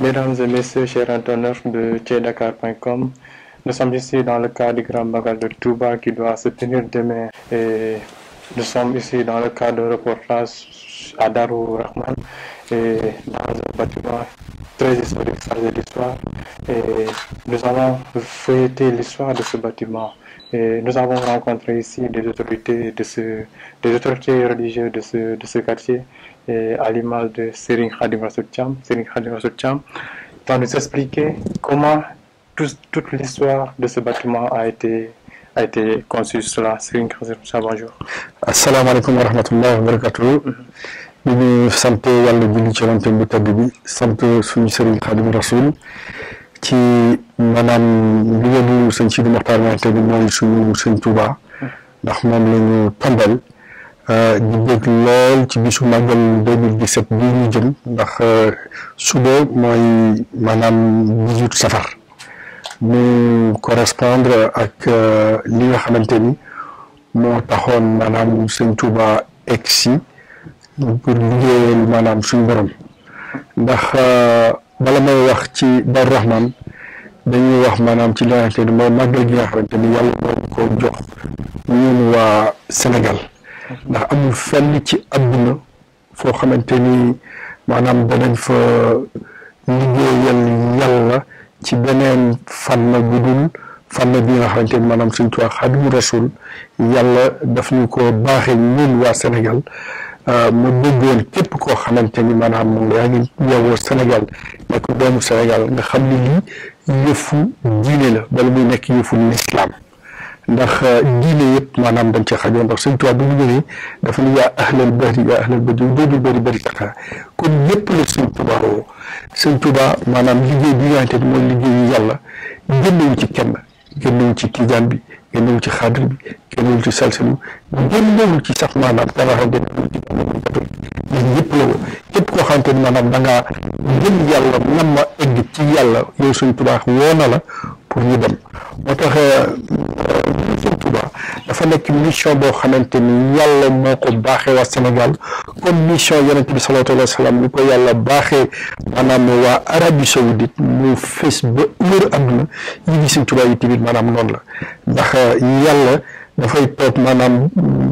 Mesdames et messieurs, chers entonneurs de tchédakar.com, nous sommes ici dans le cadre du Grand Bagal de Touba qui doit se tenir demain. nous sommes ici dans le cadre de reportage à Darou Rahman et dans un bâtiment très historique, chargé d'histoire. Et nous avons fêté l'histoire de ce bâtiment. Et nous avons rencontré ici des autorités, religieuses de ce quartier et euh, à l'image de Sering Khadim Rasoul va nous expliquer comment tout, toute l'histoire de ce bâtiment a été, a été conçue. Cela, Sering Khadim bonjour. Assalamu alaikum wa rahmatullahi wa barakatuh. ñu ngi sant yàlla ci yonent bu tedd bi sante suñu Sëriñ Khadim Rasul ci maanaam li nga nuyu sëñ Sidi Moxtaar moom tamit mooy suñu sëñ Touba ndax moom la ñu tombal di euh, bëgg lool ci bisu màggal 2017 bi ñu jëm ndax euh, suba mooy maanaam 18 safar mu correspondre ak euh, li nga xamante ni moo taxoon maanaam sëñ Touba egg si pour liggéeyal maanaam suñ borom ndax bala may wax ci Daaru Rahman dañuy wax maanaam ci li nga xamante ni mooy màggal gi nga xamante ni yàlla moo ko jox ñun waa Sénégal. ndax amul fenn ci àdduna foo xamante ni maanaam danañ fa liggéeyal yàlla ci beneen fànn bu dul fànn bi nga xamante ni maanaam suñ tuwaa xadimu rasul yàlla daf ñu ko baaxee ñun waa Sénégal mu bëggoon képp koo xamante ni maanaam yaa ngi yeewoo Sénégal nekk doomu Sénégal nga xam ne lii yëfu diine la bala muy nekk yëfu l'islam ndax euh, diine yëpp maanaam dañ ci xajoo ndax sëñ Tuubaa bu mu ñëwee dafa ni yaa ahlal bahri yaa ahlal bahri doodul bëri bëri taxa kon yëpp la sëñ Tuubaa woo sëñ Tuubaa maanaam liggéey bi nga xamante ni mooy liggéeyu yàlla génnewu ci kenn génnewu ci tijaan bi génnewu ci xaadir bi génnewu ci salsalu génnewu ci sax maanaam taraxa génnewu ci ñun yëpp la woo képp koo xamante ni maanaam da ngaa gën yàlla nam ma egg ci yàlla yow sëñ Tuubaa woo na la pour ñu dem moo tax euh, dafa nekk mission boo xamante ni yàlla moo ko baaxee waa Sénégal comme mission yonent bi salaatu alayhi wa salaam ni ko yàlla baaxee maanaam waa Arabie Saoudite mu fees ba wër àdduna yi ngi Sëñ Tuubaa yi tamit maanaam noonu la ndax euh, yàlla dafay toog maanaam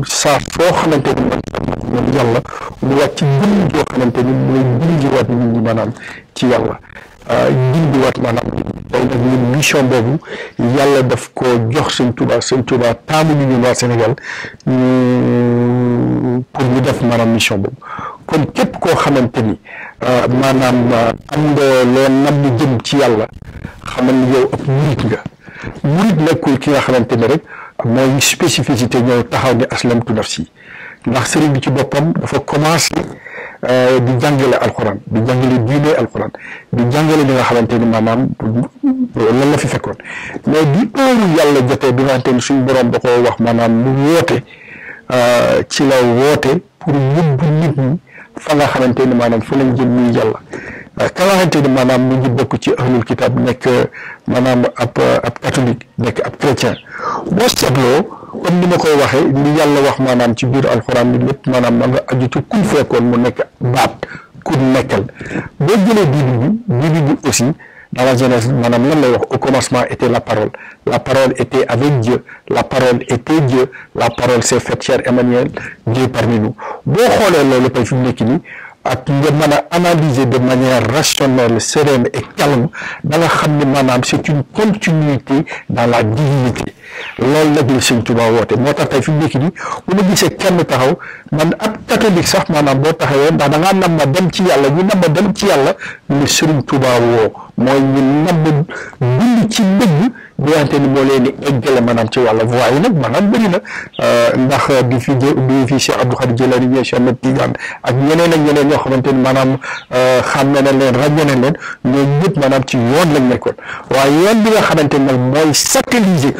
saa soo xamante ni maanaam yàlla mooy gën jiwaat nit maanaam ci yàlla judduwaat euh, maanaam tey nag ñun mission boobu yàlla daf ko jox sëñ Touba sëñ Touba taamu ñu ñun waa Sénégal ñu pour ñu def maanaam mission boobu kon képp koo xamante ni euh, maanaam euh, am nga loo nam lu jëm ci yàlla xamal ni yow ab murit nga murit nekkul ki nga xamante ni rek mooy spécificité ñëw taxaw ni aslamtu nafsi ndax sëriñ bi ci boppam dafa commencé Eh, di jàngale alxuraan di jàngale diine alxuraan di jàngale li nga xamante ni maanaam lan la fi fekkoon mais di heure yàlla jotee bi nga xamante ni suñu borom da wax maanaam mu woote eh, ci la woote pour yóbbu nit ñi fa nga xamante ni maanaam fa lañ jëm muy yàlla. Eh, ka nga xamante ni maanaam mu ngi bokk ci ahlul kitaab nekk maanaam ab ab catholique nekk ab chrétien boo seetloo. comme ni ma koy waxee li yàlla wax maanaam ci biir alxuraan ni lépp maanaam ma nga aju ci fekkoon mu nekk baat kun nekkal boo jëlee bibi bi bibi bi aussi dans la jeunesse maanaam lan lay wax au commencement était la parole la parole était avec Dieu la parole était Dieu la parole s'est faite chère Emmanuel Dieu parmi nous boo xoolee loolu tey fi mu nekk nii ak nga mën analyser de manière rationnelle sereine et calme da nga xam ne maanaam c'est une continuité dans la divinité loolu nag la sëñ Tuubaa woote moo tax tey fi mu nekk nii bu ma gisee kenn taxaw man ab catholique sax maanaam boo taxawee ndax da ngaa nam ma dem ci yàlla ñu nam ma dem ci yàlla ni sëriñ Tuubaa woo mooy ñu nam ma dund ci dëgg bi nga xamante ni moo leen di eggale maanaam ci wàllu voie yi nag maanaam bëri na euh, ndax di fi di fi Cheikh Abdou Khadir Jilani ñëw Cheikh Ahmed Tidiane ak ñeneen ak ñeneen ñoo xamante ni maanaam euh, xam na leen ràññee na leen ñoom ñëpp maanaam ci yoon lañ nekkoon waaye yoon bi nga xamante ni nag mooy satelliser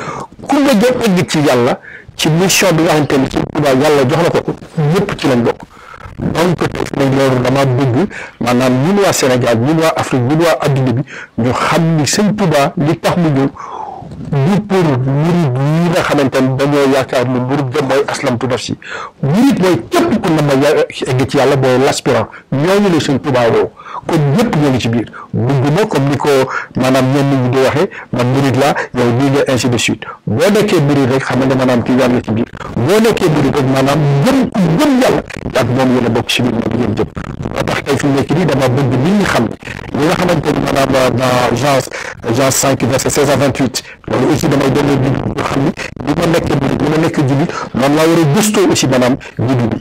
ku nga jëm egg ci yàlla ci mission bi nga xamante ni ci Tuubaa yàlla ko ko ñëpp ci lañ bokk. donc def nañ loolu dama bëgg maanaam ñun waa Sénégal ñun waa Afrique ñun waa adduna bi ñu xam ni sëñ Tuubaa li tax mu ñëw. pour murid yi nga xamante ni dañoo yaakaar ni murid ga mooy aslamtu nafsi murid mooy képp ku na ma egg ci yàlla booy l'aspirant ñooñu la seen tubaaboo kon ñëpp ñoo ngi ci biir dugg na ko maanaam ñenn ñi di waxee man murid laa yow nii nga ainsi de suite boo nekkee rek xam ne maanaam kii yàlla ci biir boo nekkee murid rek maanaam gëm gëm yàlla ak moom yéen a bokk ci biir moom ngeen tax fi mu nekk nii dama bëgg nit ñi xam li nga xamante ni maanaam dans Jean Jean cinq verset seize à vingt huit loolu aussi damay doon di nga xam ni li ma nekkee murid li ma nekk jullit noonu laa war a gëstoo aussi maanaam jullit bi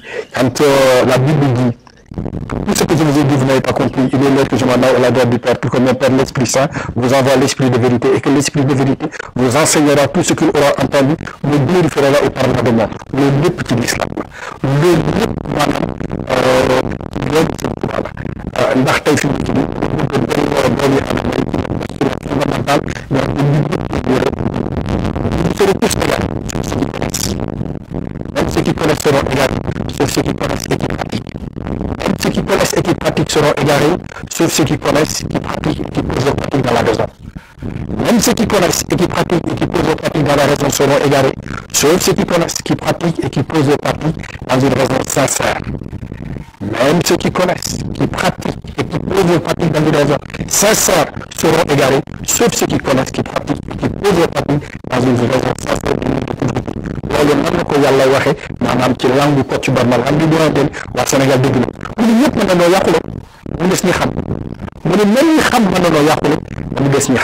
euh, la Bible dit Tout ce que je vous ai dit, vous n'avez pas compris. Il est l'heure que je m'en aille à la droite du Père pour que mon Père, l'Esprit Saint, vous envoie l'Esprit de vérité et que l'Esprit de vérité vous enseignera tout ce qu'il aura entendu, vous glorifiera au Parlement de moi. Le but de l'islam. Le seront égarés, sauf ceux qui connaissent, qui pratiquent et qui posent dans la maison. Même ceux qui connaissent et qui pratiquent et qui posent dans la raison seront égarés. Sauf ceux qui, connaissent, qui pratiquent et qui posent le parti dans une raison sincère. Même ceux qui connaissent, qui pratiquent et qui posent des pratique dans une raison sincère seront égarés. Sauf ceux qui connaissent, qui pratiquent et qui posent le pratique dans une raison sincère.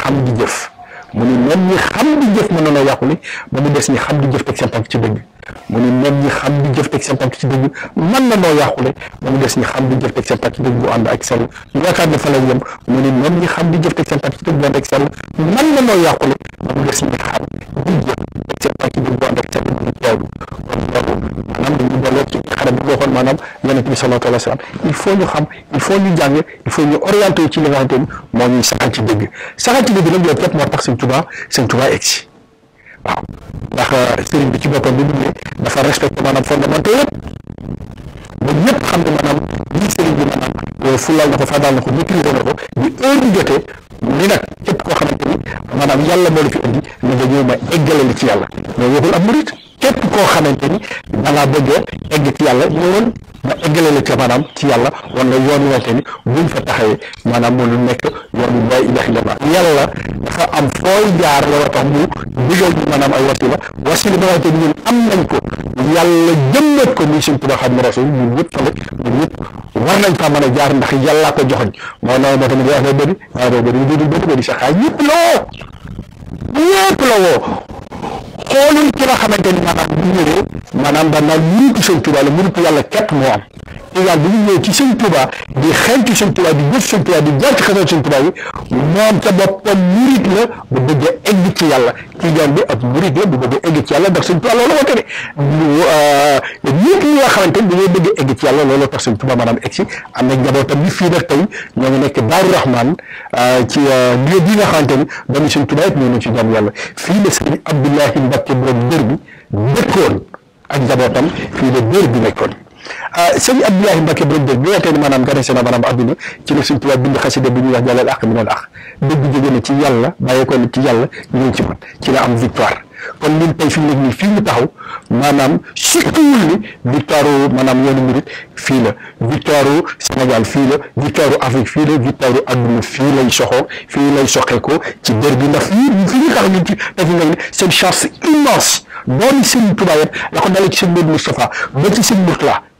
ko mu ni même ñi xam di jëf mënoon a yàqule ba mu des ñi xam di jëf teg seen tànk ci dëgg mu ni même ñi xam di jëf teg seen tànk ci dëgg mën na noo yàqule ba mu des ñi xam di jëf teg seen tànk ci dëgg bu ànd ak sell ñu yaakaar fa lay yem mu ni même ñi xam di jëf teg seen tànk ci dëgg bu ànd ak sell mën na noo moom la suñu xaar bu jeex ak ci biir boobu ak ca ñu xam il ñu jàng il ñu orienté ci li nga xamante ni moo ñuy saxal ci dëgg saxal ci dëgg nag loolu képp moo tax sëñ Tuubaa sëñ Tuubaa egg euh, bi ci boppam bi mu ne dafa respecté maanaam fondamental yëpp ba ñëpp xam ne maanaam lii sëriñ bi maanaam euh, fulaal na ko fadaal na ko maîtrisé na ko bi heure bi jotee ni nag maanaam yàlla moo la fi indi ne dañoo ma eggale li ci yàlla mais waxul am murit képp koo a egg ci yàlla ñëwoon ma eggale la ca maanaam ci yàlla wala yoon wante ni buñ fa taxawee maanaam mënul nekk yoon bi bàyyi ilaha illallah yàlla dafa am la wa tax mu digal ñu maanaam ay wasila wasila ba wante ñun am nañ ko yàlla jëmbat ko muy suñ tuba xam ne rasul ñun ñëpp tamit ñun ñëpp war nañ a jaar ndax yàllaa ko joxoñ moo naw moo tamit wax na bëri ma boo bëri du bëri bëri sa xaay ñëpp la woo xoolul ki nga xamante ni maanaam bu ñëwee maanaam daan naan mbiru Sëñ yàlla képp moo Sénégal bi ñu ñëw ci sëñ Touba di xeeñ ci sëñ Touba di gës sëñ Touba di jaar ci xasal sëñ Touba yi moom ca boppam murit la a egg ci yàlla tijaan bi ak murit la bu bëgg a egg ci yàlla ndax sëñ Touba loolu woote ne euh, ñëpp ñi nga xamante ni dañoo bëgg a egg ci yàlla loolu tax sëñ Touba maanaam egg si am na njabootam bi fii nag tey ñoo ngi nekk Daaru Rahman euh, ci euh, lieu bi nga xamante ni doomi sëñ Touba it ñoo ci jàmm yàlla fii la sëñ Abdoulahi Mbacké borom dër bi dëkkoon ak njabootam fii la dër bi nekkoon sëñ Abdoulahi Mbacke bu dégg bi waxtee ne maanaam gane seen maanaam adduna ci la suñ tubaab bind xasida bu ñuy wax jàllal àq minal àq dëgg jóge na ci yàlla bàyyi ko ci yàlla ñëw ci man ci la am victoire kon ñun tey fi mu nekk nii fii ñu taxaw maanaam surtout ni victoire maanaam yoonu murit fii la victoire Sénégal fii la victoire Afrique fii la victoire adduna fii lay soxoo fii lay soqeekoo ci dër bi ndax fii fi ñu taxaw ñun ci dafa nekk ni seen chance immense doomi sëñ Tuubaa la ko dalee ci sëñ Modou Moustapha ba ci sëñ Mourtala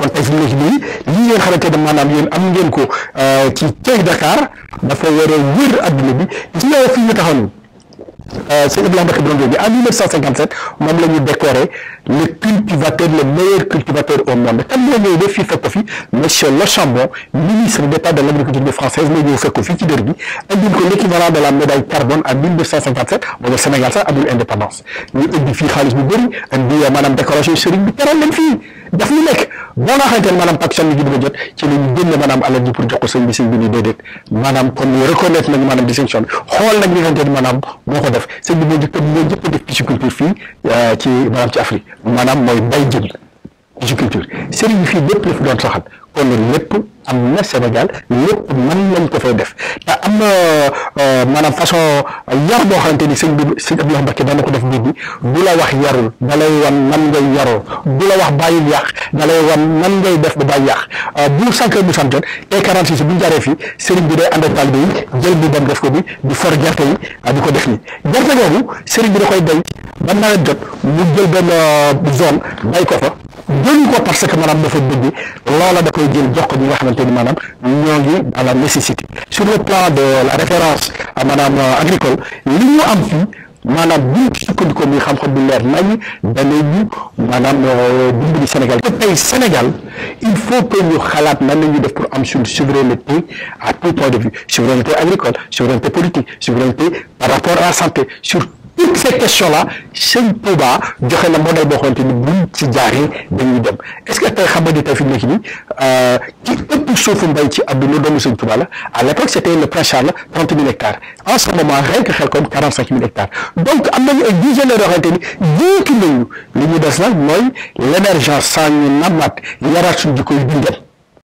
kon tey fi mu nekk nii lii ngeen xamante ne maanaam yéen am ngeen ko ci Thiès Dakar dafa war a wër adduna bi gis nga fi ñu taxaw nii sëñ Ibrahima Mbacke Blondin bi en 1957 moom la ñu décoré. le cultivateur, le meilleur cultivateur au monde. Quand nous avons fait fait Kofi, M. Lechambon, ministre d'État de l'agriculture française, nous avons fait Kofi, qui dit l'équivalent de la médaille carbone en 1957, le Sénégal, ça a eu l'indépendance. Nous avons fait Khalis Moubouri, nous avons Madame Décoration Sering, nous avons fait daf ñu nekk boo la xamante ne maanaam Pakistan mi ngi bëgg a jot ci la ñu génne maanaam alal ji pour jox ko sëñ bi sëñ bi ni déedéet maanaam kon reconnaître nañu maanaam distinction bi xool nag li nga xamante ne maanaam moo ko def sëñ bi moo njëkk moo njëkk a def pisciculture euh, ci maanaam ci Afrique maanaam mooy bay jël agriculture sëriñ bi fii lépp la fi doon soxal kon lépp am na Sénégal lépp man lañ ko fee def te am na euh, maanaam façon yar boo xamante ni sëñ bi sëñ Abdoulaye Mbacké dana ko def nit ñi du la wax yarul da lay wan nan ngay yaroo du la wax bàyyil yàq da lay wan nan ngay def ba bàyyi yàq euh, bu sànq bu sant jot te 46 bu ñu jaree fii sëriñ bi dee ànd ak taalibe yi jël bu bon def ko bi di for gerte yi ah, di ko def nii gerte googu sëriñ bi da koy bay ba naa jot mu jël benn euh, zone bay ko De ko parce que Madame dafa bëgg loola da koy jël jox ko ñi nga xamante ni ñoo ngi à la nécessité sur le plan de la référence à Madame euh, agricole li ñu am fi comme bu sukkandikoo bi xam-xam bu leer nañ danañu madame du Sénégal te tey Sénégal il faut que ñu xalaat nan la ñuy def pour am suñu souveraineté à tout point de vue souveraineté agricole souveraineté politique souveraineté par rapport à la santé sur toutes ces questions-là, c'est une poba, de la monnaie de rente, une boule, si j'arrive, de l'idem. Est-ce que tu as un hamadi ta fille, euh, qui est plus sauf un baïti, à l'époque, c'était le prince Charles, 30 000 hectares. En ce moment, rien que comme 45 000 hectares. Donc, à l'époque, une dizaine de rente, 20 qui Le eu. L'idée de cela, l'émergence, ça, n'a pas, il y du coup,